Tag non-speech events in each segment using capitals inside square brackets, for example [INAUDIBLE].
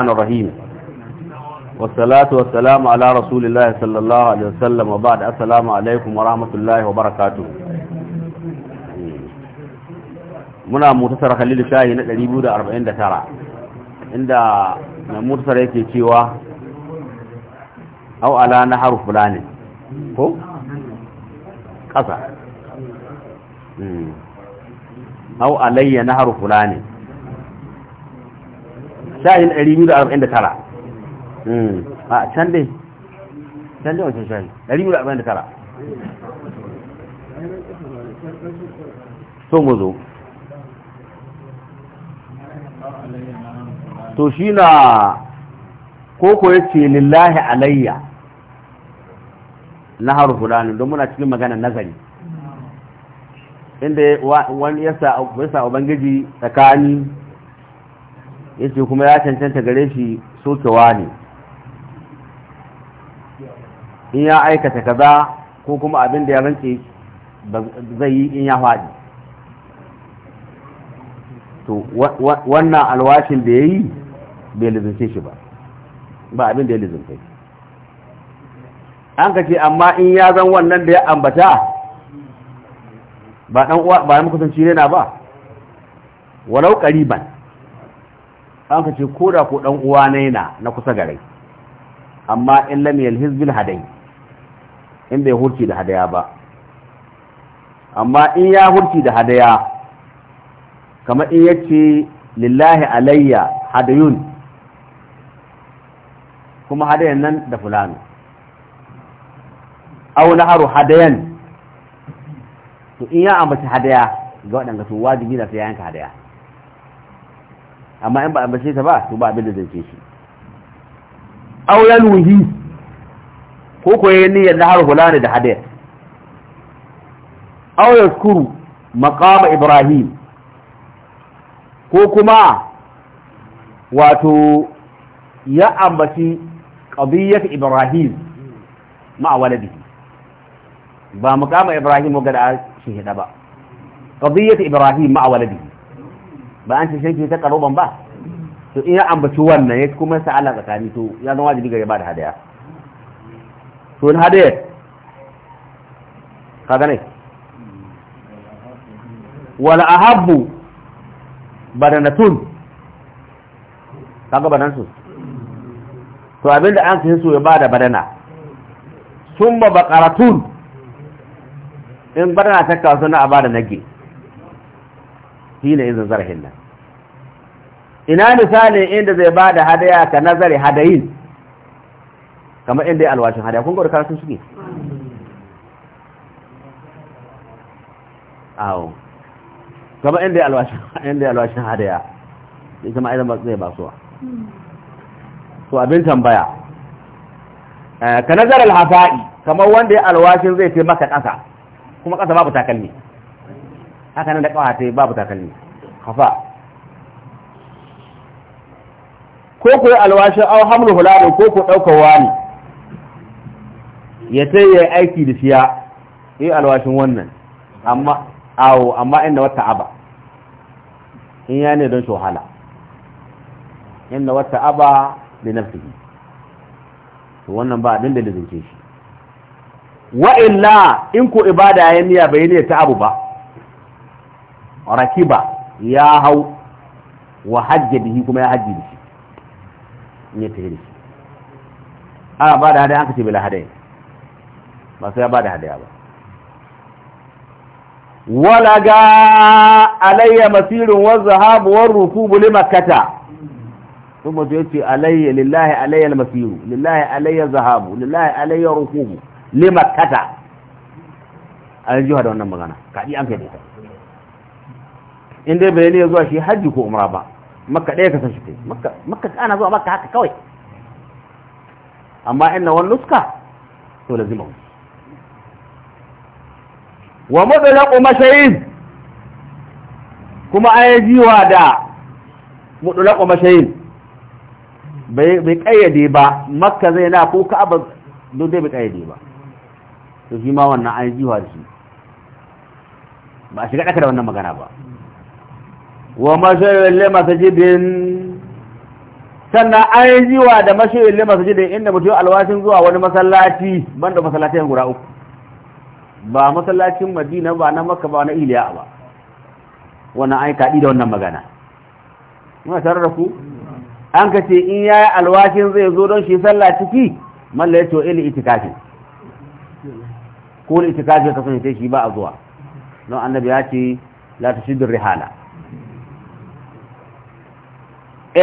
الرحمن الرحيم والصلاة والسلام على رسول الله صلى الله عليه وسلم وبعد السلام عليكم ورحمة الله وبركاته منا متصر خليل شاهي نتلي بودا أربعين دسارة عند متصر يكي تيوا أو على نحر فلان هو قصر أو علي نحر فلان shahin 249 hmm. a can dai can dai wancan shahin 249 so mu zo to shi na koko ya ce lillahi alayya na haru fulani don muna cikin magana nazari inda wani ya sa ubangiji tsakani yace kuma ya cancanta gare shi sokewa ne in ya aikata kaza ko kuma abin da ya rance zai yi in ya faɗi to wannan alwashin da ya yi bai lizince shi ba ba abin da ya lizince shi an ka ce amma in ya zan wannan da ya ambata ba ɗan uwa ba ya makusanci ne na ba walau ƙariban an ce ko da ko dan uwa ne na na kusa gare amma in lam yalhiz bil hadai in bai hurci da hadaya ba amma in ya hurci da hadaya kamar in yace lillahi alayya hadayun kuma hadayan nan da fulani aw naharu hadayan to in ya ambaci hadaya ga waɗanda su wajibi na sai yanka hadaya amma in ba bashe ta ba to ba abin da zai ce shi aw yalwihi ko ko yayin niyyar nahar hulani da hadith aw yaskuru maqama ibrahim ko kuma wato ya ambaci qadiyyat ibrahim ma waladi ba maqama ibrahim ga da shi hada ba qadiyyat ibrahim ma waladi ba an ce shirki ta karoban ba to in ya ambaci wannan ya kuma sa Allah tsakani to ya zama wajibi gare ba da hadaya to na hadaya ka gane wala ahabbu badanatun kaga badan su to abinda an kai su ya bada badana ba bakaratun in badana ta kawo suna a bada nage ne yanzu zarhin nan ina misalin inda zai ba da hadaya ka nazari hadayin kamar inda ya alwashin hadaya kun gwada karatun suke awo kamar inda ya alwashin hadaya in kama aizan zai ba suwa so abin tambaya eh, ka nazar alhafa'i kamar wanda ya alwashin zai maka ƙasa kuma ƙasa babu takalmi haka nan da kawa ta yi babu takalmi hafa ko ku alwashin au hamlu hulalin ko ku ɗaukar wani ya ta yi aiki da siya yi alwashin wannan amma awo amma inda wata aba in ya ne don shohala inda wata aba da nafsihi to wannan ba abin da da zuke shi wa illa in ku ibada ya niyya bai ne ta abu ba rakiba ya hau wa hajji bihi kuma ya hajji da shi in ta yi da shi a ba da hadaya an kace bila hadaya ba sai ya ba da hadaya ba walaga alayya masirin wa zahabu wa rukubu li makkata kuma ya ce alayya lillahi alayya almasiru lillahi alayya zahabu lillahi alayya rukubu li makkata an jiha da wannan magana kadi an kai da ita Inda ya bai ne zuwa shi hajji ko umra ba makka ɗaya ka san shi kai makka ana zuwa makka haka kawai amma inna wani nuska to lazima wa mudlaqu mashayin kuma ayi jiwa da mudlaqu mashayin bai bai kayyade ba makka zai na ko ka'aba don dai bai kayyade ba to shi ma wannan ayi jiwa da shi ba a shiga daka da wannan magana ba wa mashirin lima sajidin sannan an yi jiwa da mashirin lima sajidin inda mutu alwashin zuwa wani masallaci da masallacin guda uku ba masallacin madina ba na maka, ba na iliya ba wannan an yi kaɗi da wannan magana muna tare da ku an ka ce in ya yi alwashin zai zo don shi sallah ciki malla ya ce ili itikafi ko itikafin kasance shi ba a zuwa don annabi ya ce la ta shiddin rihala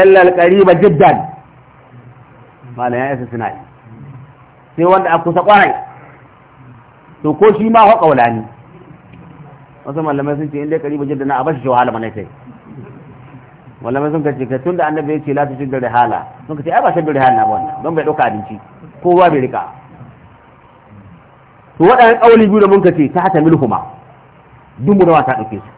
illa al-qariba jiddan malan ya isa sinai sai wanda a kusa kwarai to ko shi ma haka walani wasu malamai sun ce inda qariba jiddan a bashi wahala mana sai malamai sun kace ka tunda annabi ya ce la tu jiddar rihala sun kace ai ba shaddar rihala na ba wannan don bai dauka abinci ko ba bai rika to waɗannan kauli biyu da mun kace ta hata milhuma duk da wata ɗauke su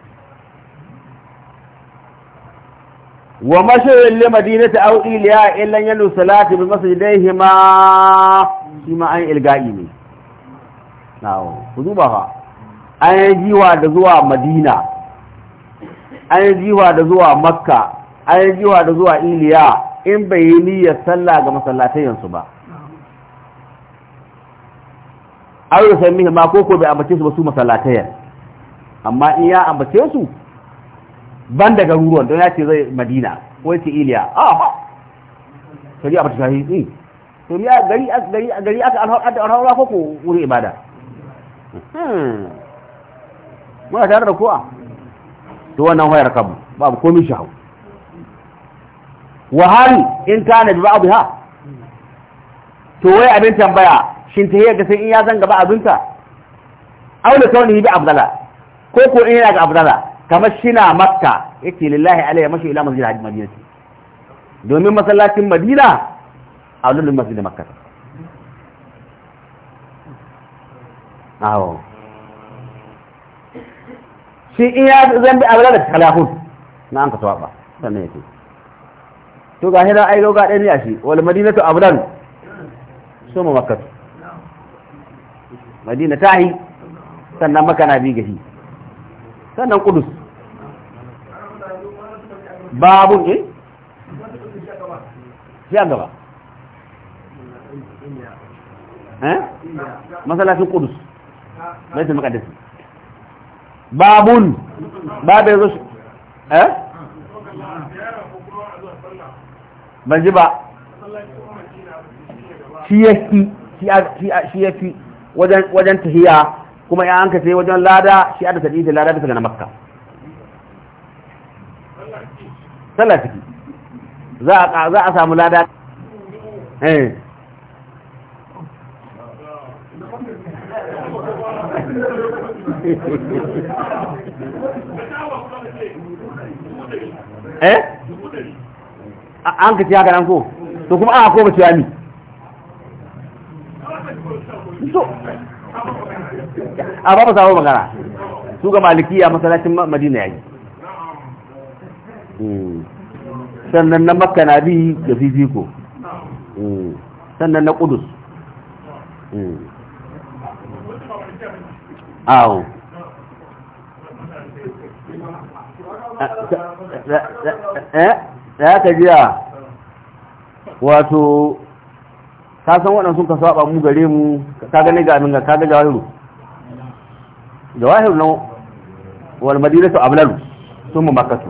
ومشي لمدينة أو إلياء إلا ينو صلاة بمسجديهما فيما أن إلقائيني نعم خذوبها أن جيوا دزوا مدينة أن جيوا دزوا مكة jiwa جيوا دزوا إلياء in bai yi niyyar sallah ga masallatayensu ba an ko ko bai ambace su ba su masallatayen amma in ya ambace su ban da garuruwan don ya ce zai madina ko ya ce iliya ah, a shari'a a ta shahi ne shari'a eh. gari gari gari aka alhaura ko ko wuri ibada hmm. muna tare da kowa to wannan wayar kabu babu komi shahu wa hal in kana abu ha? to wai abin tambaya shin ta yadda sai in ya zanga ba abinta aula kauni bi abdala ko ko in yana ga abdala تمشينا مكة إتي لله عليه مشي إلى مسجد الحج مدينة دومين مسلاة مدينة أولو للمسجد مكة أهو شيء إياد زنبي أولاد خلافون نعم كتوابا سميتي تو غاهرا أي لو قاعد إني أشي والمدينة أولاد سمو مكة مدينة تاهي سنة مكة نبي جهي سنة قدس babun eh ya gaba eh masalacin kudus baitul maqdis babun babu yanzu eh ban ji ba shi ya fi wajen tahiya kuma ya an ka sai wajen lada shi ada tafi da lada bisa na makka sallah ciki za a za a samu lada eh [LAUGHS] eh an kaci ciya garan ko to kuma a ko mace ciya so a ba ba sabo magana su ga malikiya masallacin madina yayi Hmm. sannan na makka na bi da fifiko hmm. sannan na kudus hmm. awo eh? ya ka jiya wato ka san waɗansu ka saba mu gare mu ka gane ga aminga ka ga jawahiru jawahiru na wal abu ablalu sun mu makatu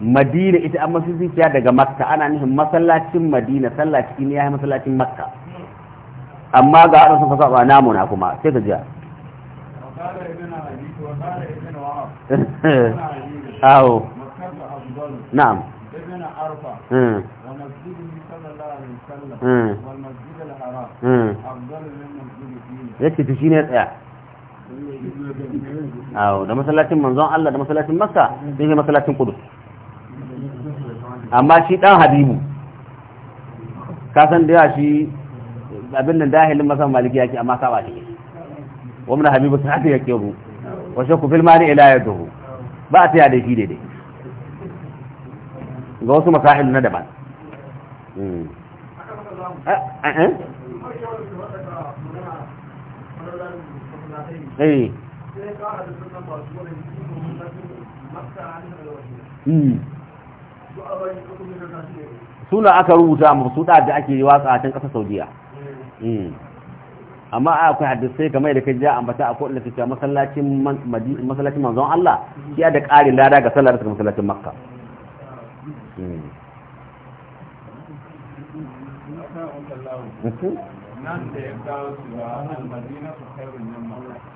madina ita an mafificiya daga makka ana nufin masallacin madina sallah ne ya yi masallacin makka amma ga ana sun fasa wa na kuma sai ka jiya [LAUGHS] awo na'am hmm. hmm. hmm. yake ta shi ne tsaya awo da masallacin manzon Allah da masallacin makka sai masallacin kudus amma shi dan habibu ka san da shi abin nan dahilin masan maliki yake amma ka ne wa mun habibu ta ta yake ru wa shakku fil mali ila yadu ba ta ya da shi daidai ga wasu masahil na daban hmm. eh, eh, eh. eh. Hmm. suna aka rubuta mafsuda da ake yi watsa a can ƙasa saudiya hmm. amma akwai hadisai kamar da ka ja ambata a kodin da suke masallacin manzon Allah ya da ƙarin lada ga sallar da masallacin makka makka hmm.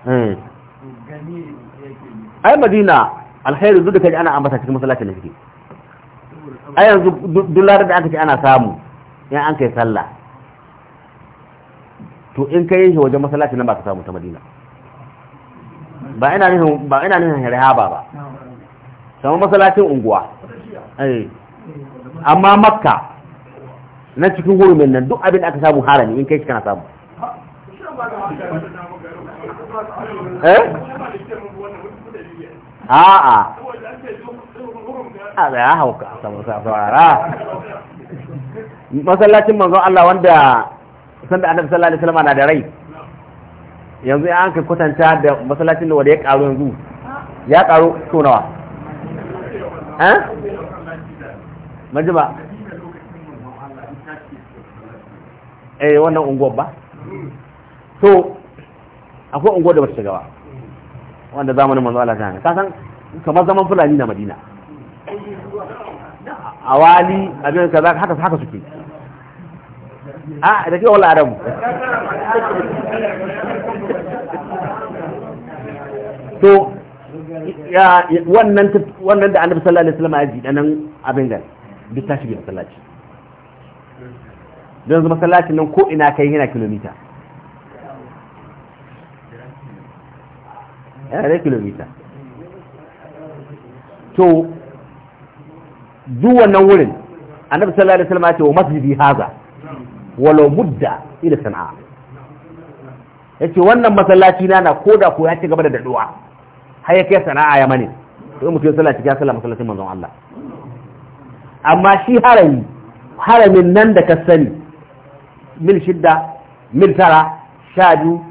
hmm. ai madina alkhairu duk da kaji ana ambata cikin masallacin da suke a yanzu duk da aka ce ana samu in an kai sallah to in ka yi shi wajen masallaci nan ba ka samu ta madina ba ina nufin ba ina nufin rihaba ba samu masallacin unguwa eh. amma makka na cikin hurumin nan duk abin da aka samu harami in kai shi kana samu eh a'a a da ya hauka saurara masallacin manzon Allah wanda sanda annabi sallallahu alaihi wasallam na da rai yanzu an kai kwatanta da masallacin da wanda ya karu yanzu ya karu to nawa eh majima eh wannan unguwar ba so akwai unguwar da ba ta shiga ba wanda zamanin manzo Allah ta hana ka san kamar zaman fulani na Madina a wali abin kaza haka haka suke a da ke wala adamu to wannan wannan da annabi sallallahu alaihi wasallam ya ji nan abin gan duk tashi bi masallaci dan zuma masallacin nan ko ina kai yana kilomita yana da kilomita to duk wannan wurin annabi sallallahu alaihi wasallam ya ce wa masjidi haza wala mudda ila sana'a yace wannan masallaci na na koda ko ya ci gaba da daduwa har ya kai sana'a ya mane to mutum ya sallaci ya sallama masallacin manzon Allah amma shi harami haramin nan da ka sani mil shidda mil tara sha biyu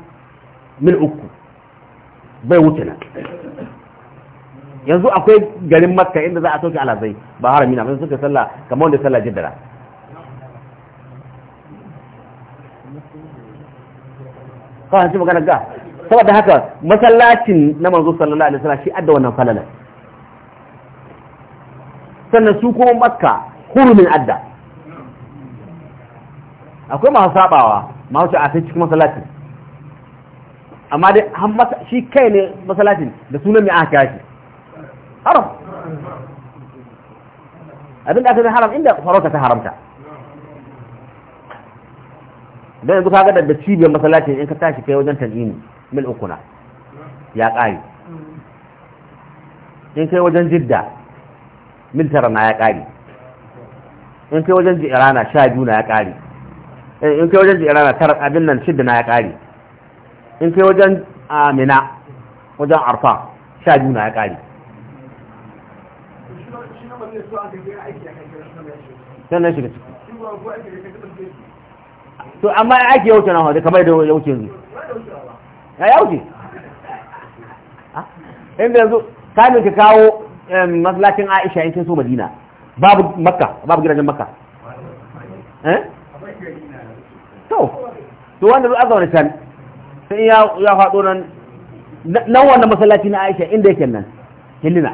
mil uku bai wuce nan yanzu akwai garin makka inda za a sauke alazai ba haramina na sun suka sallah kamar wanda sallah jiddara kawai ci magana ga saboda haka masallacin na manzo sallallahu alaihi wasallam shi adda wannan falala sannan su kuma makka hurumin adda akwai masu sabawa masu a cikin masallacin amma dai shi kai ne masallacin da sunan mai aka kashi haram abin da aka zai haram inda farauta ta haramta don yanzu kaga da cibiyar masallaci in ka tashi kai wajen tan'ini mil ukuna ya ƙari in kai wajen jidda mil tara na ya ƙari in kai wajen jirana sha biyu na ya ƙari eh, in kai wajen jirana tara abin nan shidda na ya ƙari in kai wajen amina ah, wajen arfa sha biyu na ya ƙari nan shiga ciki to amma ya ake yauce na hau da kamar da ya wuce yanzu ya yauce inda yanzu kamin ka kawo masalacin aisha yankin so madina babu makka babu gidajen makka eh? to to wanda zuwa zaune can sai ya faɗo nan nan wannan masalaci na aisha inda yake nan hillina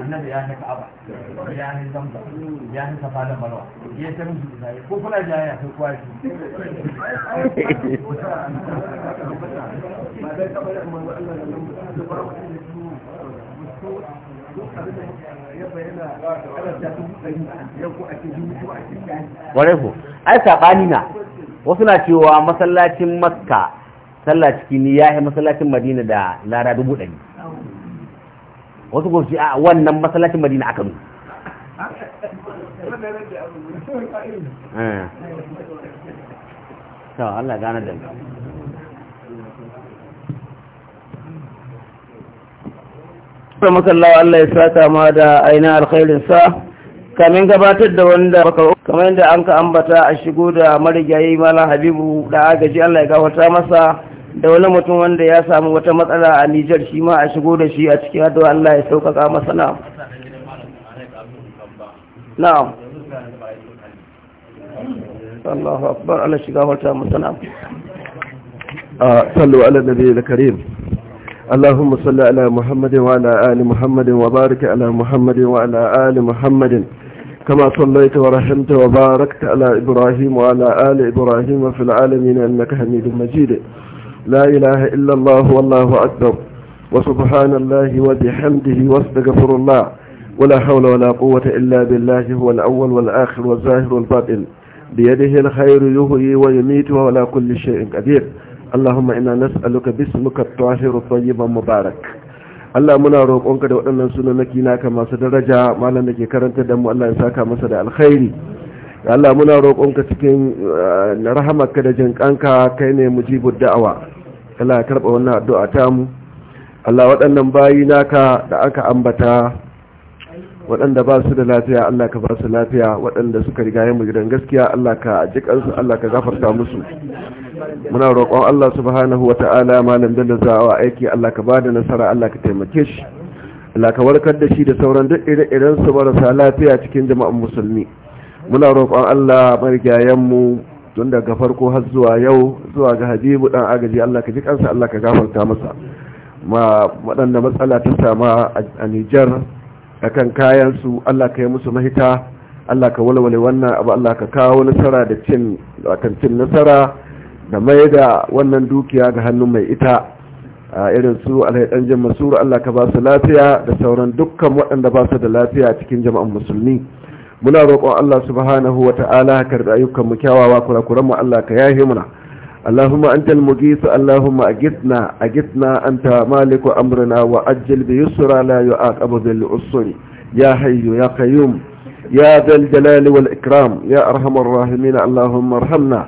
annabi ya ni ka'aba ya ni zamba ya ni safa da marwa ya ta musu isa'i ko kuna jaya sai kuwa shi ware ku ai sabani na wasu na cewa masallacin makka sallah ciki ni yahi masallacin madina da lara dubu ɗari wasu ko a wannan masallacin madina aka nuna eh. to Allah gane da mu masallawa Allah ya sata ma da aina alkhairin sa kamin gabatar da wanda baka kamar yadda an ka ambata a shigo da marigayi mala habibu da agaji Allah ya gafarta masa da wani mutum wanda ya samu wata matsala a Nijar shi ma a shigo da shi a cikin haduwa, Allah ya sauƙaƙa masa na. Na'am. Allahu akbar Allah shiga wata masa na. Sallu ala nabi da karim. اللهم صل على محمد muhammadin. آل محمد وبارك على محمد وعلى آل محمد كما صليت ورحمت وباركت على إبراهيم وعلى آل إبراهيم في العالمين أنك حميد مجيد لا إله إلا الله والله أكبر وسبحان الله وبحمده واستغفر الله ولا حول ولا قوة إلا بالله هو الأول والآخر والظاهر والباطن بيده الخير يهيي ويميت ولا كل شيء قدير اللهم إنا نسألك باسمك الطاهر الطيب المبارك Allah muna roƙonka da waɗannan sunanaki naka masu daraja malam da ke karanta da mu Allah ya saka masa da alkhairi Allah muna roƙonka cikin rahamarka da jinƙanka kai ne mujibud da'awa Allah ya karɓa wannan addu'a ta mu Allah waɗannan bayi naka da aka ambata waɗanda ba su da lafiya Allah ka ba su lafiya waɗanda suka riga yin gidan gaskiya Allah ka jikansu Allah ka gafarta musu muna roƙon Allah subhanahu wa ta'ala malam da da zawa aiki Allah ka ba da nasara Allah ka taimake shi Allah ka warkar da shi da sauran duk ire-iren su marasa lafiya cikin jama'an musulmi muna roƙon Allah marigayan mu tun daga farko har zuwa yau zuwa ga habibu dan agaji Allah ka ji kansa Allah ka gafarta masa ma waɗanda matsala ta sama a Nijar akan kayan su Allah ka yi musu mahita Allah ka walwale wannan abu Allah ka kawo nasara da cin watan cin nasara da mai da wannan dukiya ga hannun mai ita a irin su dan jin masuru Allah ka ba su lafiya da sauran dukkan waɗanda ba su da lafiya cikin jama'an musulmi muna roƙon Allah subhanahu wa ta'ala ka da ayyukan mu kyawawa kurakuran mu Allah ka yahe muna Allahumma antal mughis Allahumma agithna agithna anta maliku amrina wa ajil bi yusra la yu'aqabu bil usri ya hayyu ya qayyum ya dhal jalali wal ikram ya arhamar rahimin Allahumma arhamna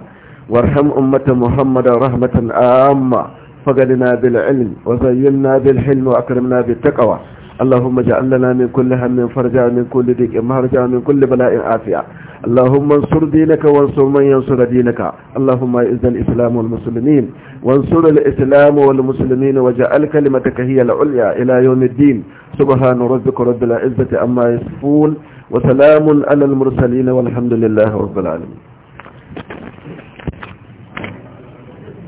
وارحم أمة محمد رحمة عامة فقدنا بالعلم وزينا بالحلم وأكرمنا بالتقوى اللهم اجعل لنا من كل هم فرجا من كل ضيق مهرجا من كل بلاء عافية اللهم انصر دينك وانصر من ينصر دينك اللهم اعز الإسلام والمسلمين وانصر الإسلام والمسلمين واجعل كلمتك هي العليا إلى يوم الدين سبحان ربك رب العزة عما يصفون وسلام على المرسلين والحمد لله رب العالمين